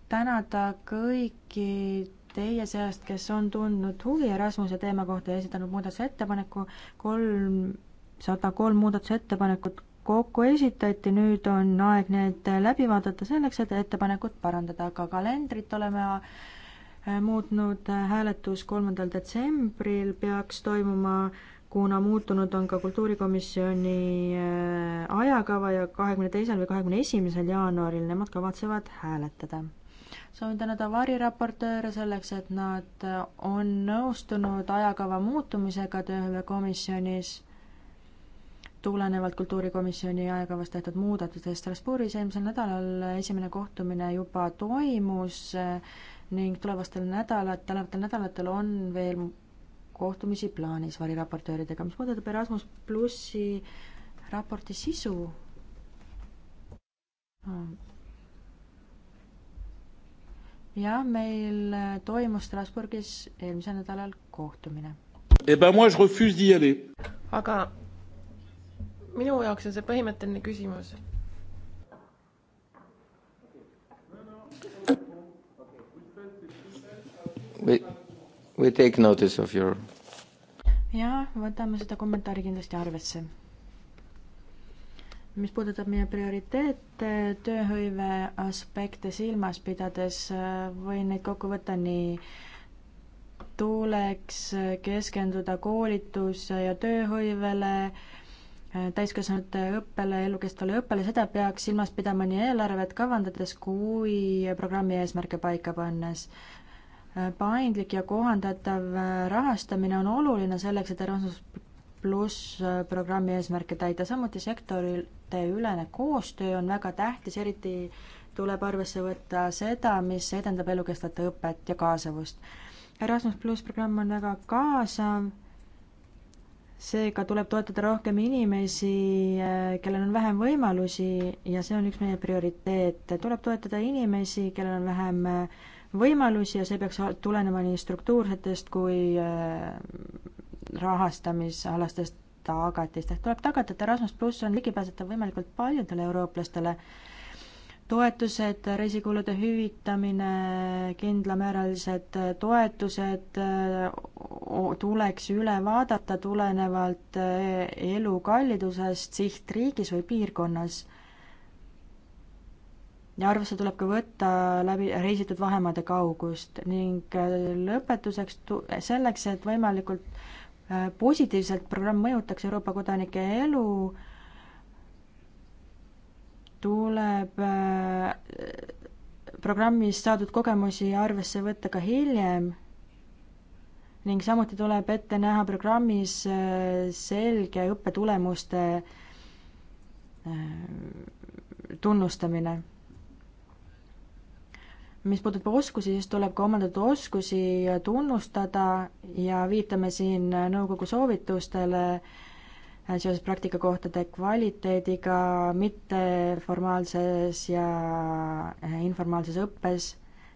S2: tänada kõiki teie seast, kes on tundnud huvi Erasmuse teema kohta ja esitanud muudatusettepaneku, kolmsada kolm muudatusettepanekut kokku esitati, nüüd on aeg need läbi vaadata selleks, et ettepanekut parandada, aga kalendrit oleme äh, muutnud, äh, hääletus kolmandal detsembril peaks toimuma kuna muutunud on ka kultuurikomisjoni äh, ajakava ja kahekümne teisel või kahekümne esimesel jaanuaril nemad kavatsevad hääletada. soovin tänada variraportööre selleks, et nad on nõustunud ajakava muutumisega tööhõivekomisjonis tulenevalt kultuurikomisjoni ajakavast tehtud muudatustest Strasbourgis eelmisel nädalal esimene kohtumine juba toimus eh, ning tulevastel nädalat, tänavatel nädalatel on veel kohtumisi plaanis variraportööridega. mis puudutab Erasmus plussi raporti sisu, hm, jah, meil toimus Strasbourgis eelmisel nädalal kohtumine. Eh aga minu jaoks
S1: on see põhimõtteline küsimus. We, we take notice of your.
S2: jah, võtame seda kommentaari kindlasti arvesse mis puudutab meie prioriteete tööhõive aspekte silmas pidades, võin neid kokku võtta nii, tuleks keskenduda koolituse ja tööhõivele, täiskasvanute õppele, elukestvale õppele, seda peaks silmas pidama nii eelarvet kavandades kui programmi eesmärke paika pannes. paindlik ja kohandatav rahastamine on oluline selleks, et Erasmus pluss programmi eesmärke täida, samuti sektorite ülene koostöö on väga tähtis, eriti tuleb arvesse võtta seda, mis edendab elukestvat õpet ja kaasavust. Erasmus pluss programm on väga kaasav seega tuleb toetada rohkem inimesi, äh, kellel on vähem võimalusi ja see on üks meie prioriteete. tuleb toetada inimesi, kellel on vähem äh, võimalusi ja see peaks tulenema nii struktuursetest kui äh, rahastamisalastest tagatistest. tuleb tagada, et Erasmus pluss on ligipääsetav võimalikult paljudele eurooplastele. toetused, reisikulude hüvitamine, kindlamääralised toetused, tuleks üle vaadata tulenevalt eh, elukallidusest sihtriigis või piirkonnas. ja arvesse tuleb ka võtta läbi reisitud vahemaade kaugust ning eh, lõpetuseks tu-, selleks, et võimalikult eh, positiivselt programm mõjutaks Euroopa kodanike elu, tuleb programmis saadud kogemusi arvesse võtta ka hiljem ning samuti tuleb ette näha programmis äh, selge õppetulemuste äh, tunnustamine. mis puudutab oskusi, siis tuleb ka omandatud oskusi tunnustada ja viitame siin nõukogu soovitustele äh, seoses praktikakohtade kvaliteediga mitteformaalses ja informaalses õppes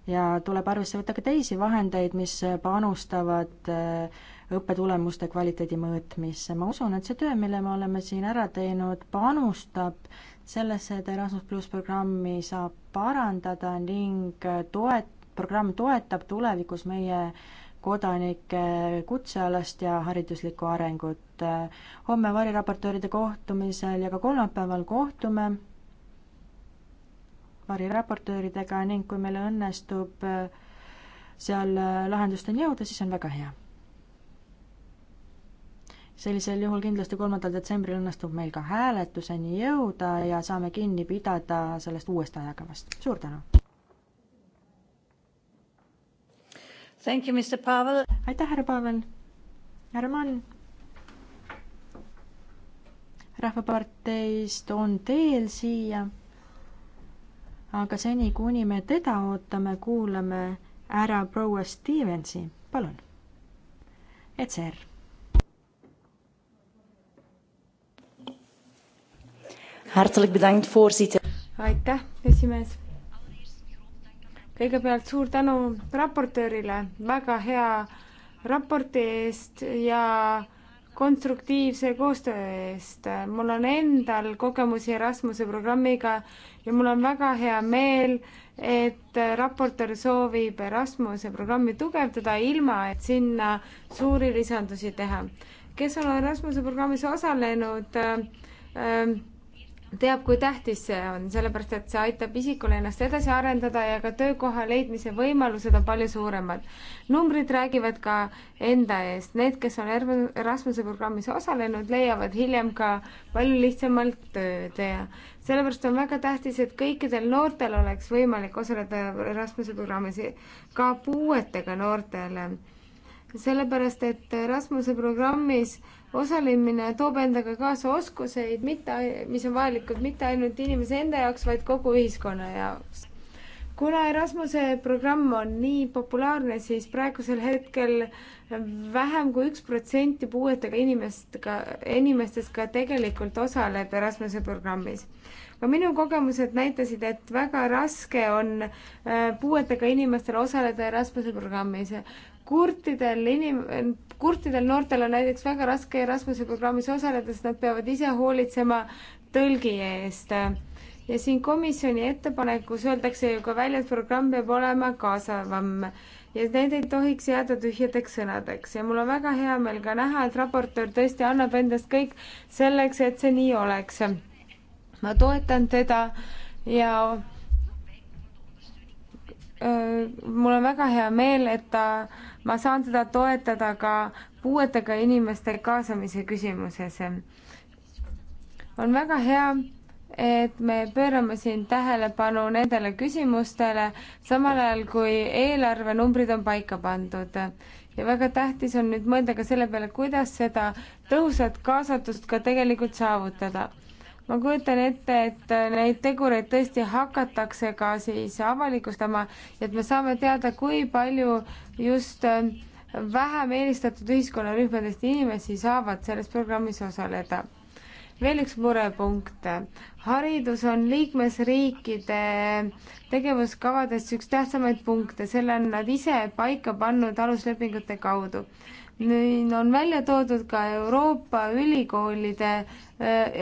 S2: ja tuleb arvesse võtta ka teisi vahendeid, mis panustavad äh, õppetulemuste kvaliteedi mõõtmisse. ma usun, et see töö, mille me oleme siin ära teinud, panustab sellesse, et Erasmus pluss programmi saab parandada ning äh, toet-, programm toetab tulevikus meie kodanike kutsealast ja hariduslikku arengut. Äh, homme variraportööride kohtumisel ja ka kolmapäeval kohtume variraportööridega ning kui meil õnnestub äh, seal äh, lahendusteni jõuda, siis on väga hea. sellisel juhul kindlasti kolmandal detsembril õnnestub meil ka hääletuseni jõuda ja saame kinni pidada sellest uuest ajakavast. suur tänu! aitäh, härra Pavel! härra Mann! rahvaparteist on teel siia aga seni, kuni me teda ootame, kuulame ära proua Stevensi, palun. ECR.
S3: aitäh, esimees. kõigepealt suur tänu raportöörile väga hea raporti eest ja konstruktiivse koostöö eest. mul on endal kogemusi Erasmuse programmiga ja mul on väga hea meel, et raportöör soovib Erasmuse programmi tugevdada, ilma et sinna suuri lisandusi teha. kes on Erasmuse programmis osalenud äh,, äh, teab, kui tähtis see on, sellepärast et see aitab isikule ennast edasi arendada ja ka töökoha leidmise võimalused on palju suuremad. numbrid räägivad ka enda eest, need, kes on Erasmuse programmis osalenud, leiavad hiljem ka palju lihtsamalt tööd ja sellepärast on väga tähtis, et kõikidel noortel oleks võimalik osaleda Erasmuse programmis, ka puuetega noortele sellepärast et Rasmuse programmis osalemine toob endaga kaasa oskuseid, mitte, mis on vajalikud mitte ainult inimese enda jaoks, vaid kogu ühiskonna jaoks. kuna Erasmuse programm on nii populaarne, siis praegusel hetkel vähem kui üks protsenti puuetega inimest ka, inimestest ka tegelikult osaleb Erasmuse programmis ka minu kogemused näitasid, et väga raske on äh, puuetega inimestel osaleda Erasmuse programmis kurtidel inim-, kurtidel noortel on näiteks väga raske Erasmuse programmis osaleda, sest nad peavad ise hoolitsema tõlgi eest. ja siin komisjoni ettepanekus öeldakse ju ka välja, et programm peab olema kaasavam ja need ei tohiks jääda tühjadeks sõnadeks ja mul on väga hea meel ka näha, et raportöör tõesti annab endast kõik selleks, et see nii oleks. ma toetan teda ja mul on väga hea meel, et ta, ma saan teda toetada ka puuetega inimeste kaasamise küsimuses. on väga hea, et me pöörame siin tähelepanu nendele küsimustele, samal ajal kui eelarvenumbrid on paika pandud. ja väga tähtis on nüüd mõelda ka selle peale, kuidas seda tõhusat kaasatust ka tegelikult saavutada ma kujutan ette, et neid tegureid tõesti hakatakse ka siis avalikustama, et me saame teada, kui palju just äh, vähem eelistatud ühiskonnarühmadest inimesi saavad selles programmis osaleda. veel üks murepunkt. haridus on liikmesriikide tegevuskavades üks tähtsamaid punkte, selle on nad ise paika pannud aluslepingute kaudu nüüd on välja toodud ka Euroopa ülikoolide,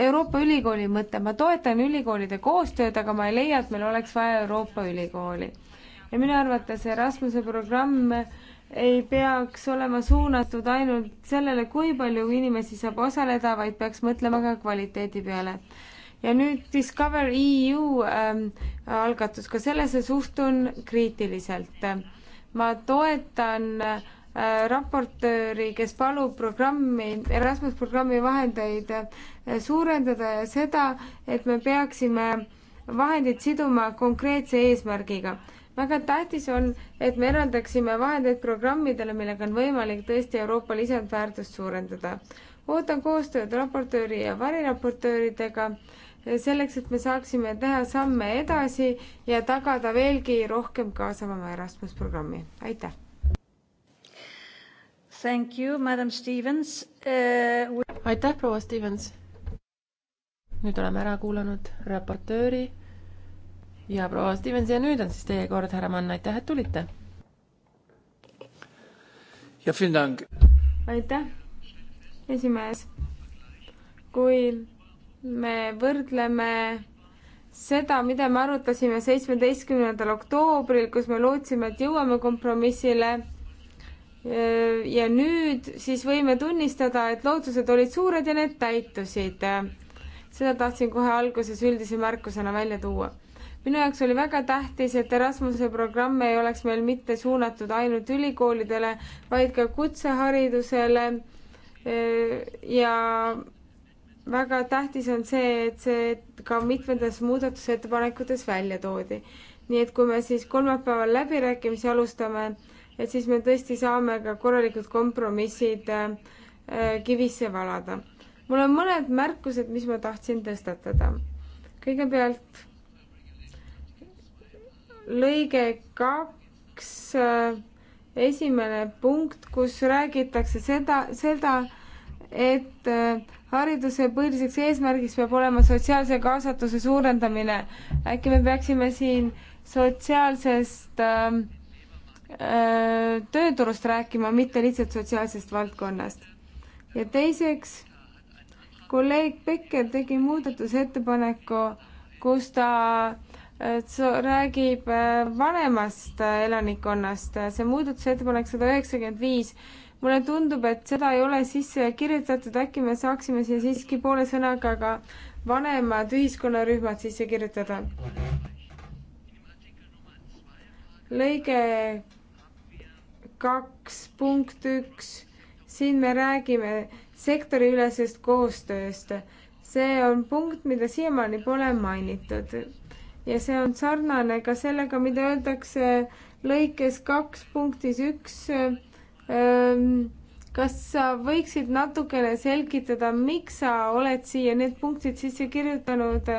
S3: Euroopa ülikooli mõte, ma toetan ülikoolide koostööd, aga ma ei leia, et meil oleks vaja Euroopa ülikooli. ja minu arvates Erasmuse programm ei peaks olema suunatud ainult sellele, kui palju inimesi saab osaleda, vaid peaks mõtlema ka kvaliteedi peale. ja nüüd Discover EU ähm, algatus, ka sellesse suhtun kriitiliselt. ma toetan äh, Äh, raportööri, kes palub programmi, Erasmus programmi vahendeid äh, suurendada ja seda, et me peaksime vahendid siduma konkreetse eesmärgiga. väga tähtis on, et me eraldaksime vahendeid programmidele, millega on võimalik tõesti Euroopa lisandväärtust suurendada. ootan koostööd raportööri ja variraportööridega äh, selleks, et me saaksime teha samme edasi ja tagada veelgi rohkem kaasavama Erasmus programmi. aitäh! Thank you, madam Stevens uh,. aitäh, proua Stevens. nüüd
S1: oleme ära kuulanud raportööri ja proua Stevens ja nüüd on siis teie kord, härra Mann, aitäh, et tulite.
S3: aitäh, esimees. kui me võrdleme seda, mida me arutasime seitsmeteistkümnendal oktoobril, kus me lootsime, et jõuame kompromissile Äh, ja nüüd siis võime tunnistada, et lootused olid suured ja need täitusid. seda tahtsin kohe alguses üldise märkusena välja tuua. minu jaoks oli väga tähtis, et Erasmuse programm ei oleks meil mitte suunatud ainult ülikoolidele, vaid ka kutseharidusele. Äh, ja väga tähtis on see, et see ka mitmetes muudatusettepanekutes välja toodi. nii et kui me siis kolmapäeval läbirääkimisi alustame, et siis me tõesti saame ka korralikud kompromissid äh, äh, kivisse valada. mul on mõned märkused, mis ma tahtsin tõstatada. kõigepealt lõige kaks, äh, esimene punkt, kus räägitakse seda, seda, et hariduse põhiliseks eesmärgiks peab olema sotsiaalse kaasatuse suurendamine. äkki me peaksime siin sotsiaalsest äh, Äh, tööturust rääkima, mitte lihtsalt sotsiaalsest valdkonnast. ja teiseks, kolleeg Becker tegi muudatusettepaneku, kus ta äh, räägib äh, vanemast elanikkonnast, see muudatusettepanek sada üheksakümmend viis, mulle tundub, et seda ei ole sisse kirjutatud, äkki me saaksime siia siiski poole sõnaga ka vanemad ühiskonnarühmad sisse kirjutada. lõige kaks punkt üks, siin me räägime sektoriülesest koostööst. see on punkt, mida siiamaani pole mainitud ja see on sarnane ka sellega, mida öeldakse lõikes kaks punktis üks. Ehm, kas sa võiksid natukene selgitada, miks sa oled siia need punktid sisse kirjutanud?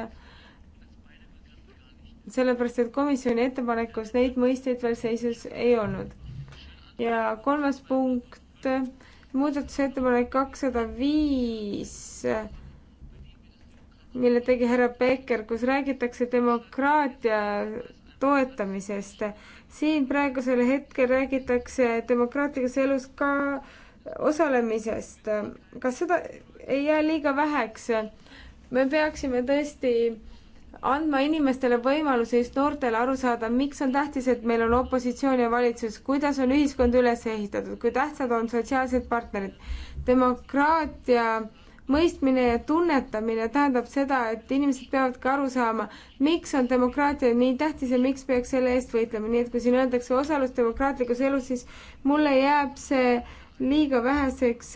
S3: sellepärast, et komisjoni ettepanekus neid mõisteid veel seisus ei olnud ja kolmas punkt, muudatusettepanek kakssada viis, mille tegi härra Becker, kus räägitakse demokraatia toetamisest. siin praegusel hetkel räägitakse demokraatlikus elus ka osalemisest. kas seda ei jää liiga väheks? me peaksime tõesti äh, andma inimestele võimaluse just noortele aru saada, miks on tähtis, et meil on opositsioon ja valitsus, kuidas on ühiskond üles ehitatud, kui tähtsad on sotsiaalsed partnerid. demokraatia mõistmine ja tunnetamine tähendab seda, et inimesed peavad ka aru saama, miks on demokraatia nii tähtis ja miks peaks selle eest võitlema, nii et kui siin öeldakse osalus demokraatlikus elus, siis mulle jääb see liiga väheseks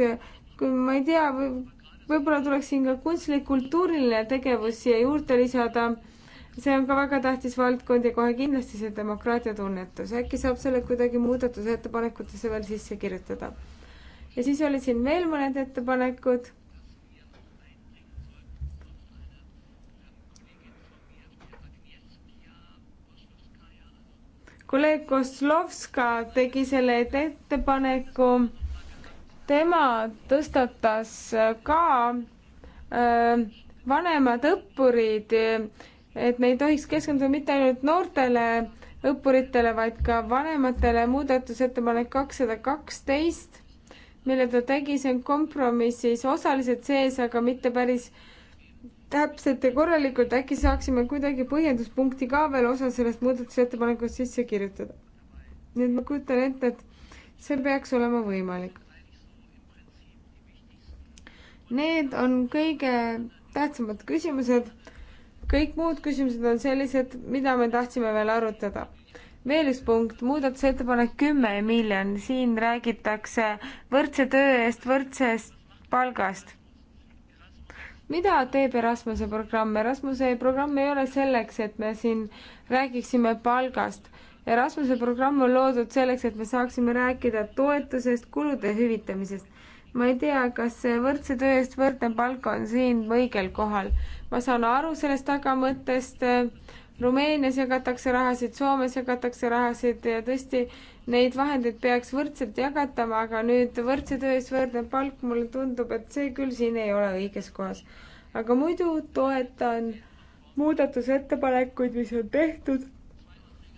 S3: kui ma ei tea, võib-olla tuleks siin ka kunstlik kultuuriline tegevus siia juurde lisada. see on ka väga tähtis valdkond ja kohe kindlasti see demokraatia tunnetus, äkki saab selle kuidagi muudatusettepanekutesse veel sisse kirjutada. ja siis olid siin veel mõned ettepanekud. kolleeg Koslovska tegi selle ettepaneku tema tõstatas ka äh, vanemad õppurid, et me ei tohiks keskenduda mitte ainult noortele õppuritele, vaid ka vanematele. muudatusettepanek kakssada kaksteist, mille ta tegi, see on kompromissis osaliselt sees, aga mitte päris täpselt ja korralikult. äkki saaksime kuidagi põhjenduspunkti ka veel osa sellest muudatusettepanekust sisse kirjutada. nii et ma kujutan ette, et see peaks olema võimalik Need on kõige tähtsamad küsimused. kõik muud küsimused on sellised, mida me tahtsime veel arutada veel üks punkt, muudatusettepanek kümme miljon, siin räägitakse võrdse töö eest võrdsest palgast. mida teeb Erasmuse programm? Erasmuse programm ei ole selleks, et me siin räägiksime palgast. Erasmuse programm on loodud selleks, et me saaksime rääkida toetusest, kulude hüvitamisest ma ei tea, kas see võrdse töö eest võrdne palk on siin õigel kohal. ma saan aru sellest tagamõttest, äh, Rumeenias jagatakse rahasid, Soomes jagatakse rahasid ja tõesti, neid vahendeid peaks võrdselt jagatama, aga nüüd võrdse töö eest võrdne palk, mulle tundub, et see küll siin ei ole õiges kohas. aga muidu toetan muudatusettepanekuid, mis on tehtud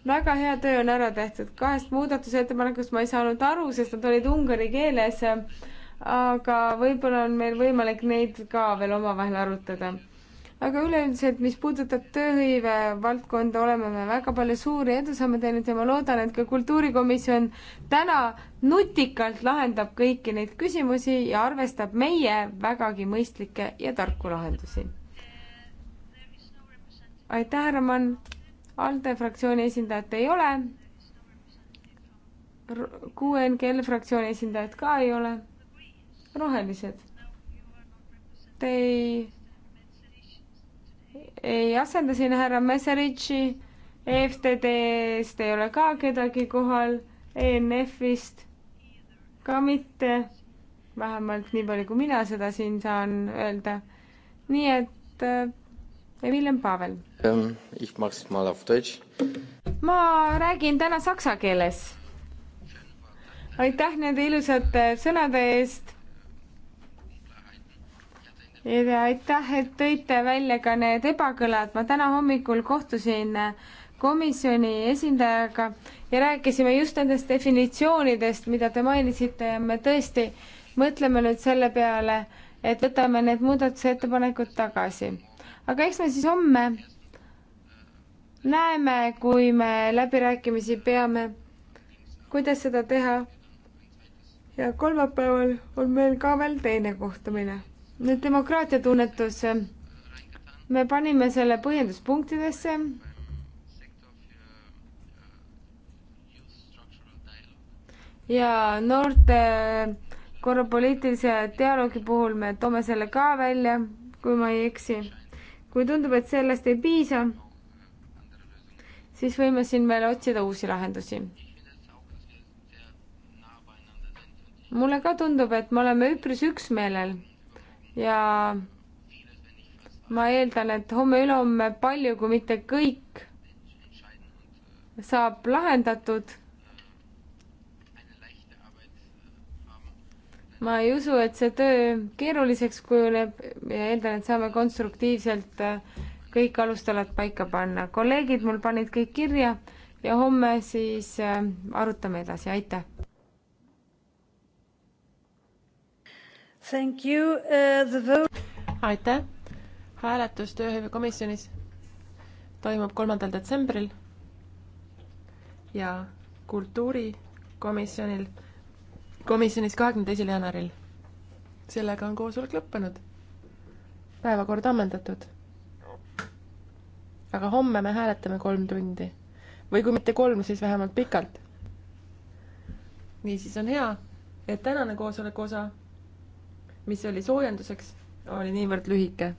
S3: väga hea töö on ära tehtud, kahest muudatusettepanekust ma ei saanud aru, sest nad olid ungari keeles aga võib-olla on meil võimalik neid ka veel omavahel arutada. aga üleüldiselt, mis puudutab tööhõive valdkonda, oleme me väga palju suuri edusamme teinud ja ma loodan, et ka kultuurikomisjon täna nutikalt lahendab kõiki neid küsimusi ja arvestab meie vägagi mõistlikke ja tarku lahendusi. aitäh, härra Mann. ALDE fraktsiooni esindajat ei ole. QNGL fraktsiooni esindajat ka ei ole rohelised. Te ei, ei asenda siin härra Meseritši, EFTD-st ei ole ka kedagi kohal, ENF-ist ka mitte, vähemalt nii palju, kui mina seda siin saan öelda. nii et äh, Villem Pavel ähm,. ma räägin täna saksa keeles aitäh nende ilusate sõnade eest ja aitäh, et tõite välja ka need ebakõlad. ma täna hommikul kohtusin komisjoni esindajaga ja rääkisime just nendest definitsioonidest, mida te mainisite ja me tõesti mõtleme nüüd selle peale, et võtame need muudatusettepanekud tagasi. aga eks me siis homme näeme, kui me läbirääkimisi peame, kuidas seda teha. ja kolmapäeval on meil ka veel teine kohtumine nüüd demokraatia tunnetus. me panime selle põhjenduspunktidesse. ja noorte korrapoliitilise dialoogi puhul me toome selle ka välja, kui ma ei eksi. kui tundub, et sellest ei piisa, siis võime siin veel otsida uusi lahendusi. mulle ka tundub, et me oleme üpris üksmeelel ja ma eeldan, et homme-ülehomme palju, kui mitte kõik saab lahendatud. ma ei usu, et see töö keeruliseks kujuneb ja eeldan, et saame konstruktiivselt kõik alustalad paika panna. kolleegid mul panid kõik kirja ja homme siis äh, arutame edasi, aitäh!
S1: Thank you uh,, the vote. aitäh, hääletus tööhõivekomisjonis toimub kolmandal detsembril ja kultuurikomisjonil, komisjonis kahekümne teisel jaanuaril. sellega on koosolek lõppenud. päevakord ammendatud. aga homme me hääletame kolm tundi või kui mitte kolm, siis vähemalt pikalt. niisiis on hea, et tänane koosoleku osa mis oli soojenduseks, oli niivõrd lühike.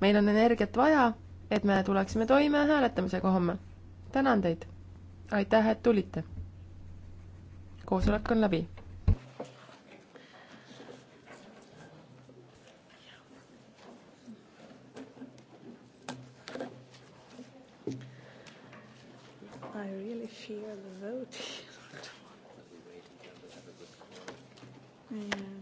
S1: meil on energiat vaja, et me tuleksime toime hääletamisega homme. tänan teid. aitäh, et tulite. koosolek on läbi.
S3: I really fear the vote. yeah.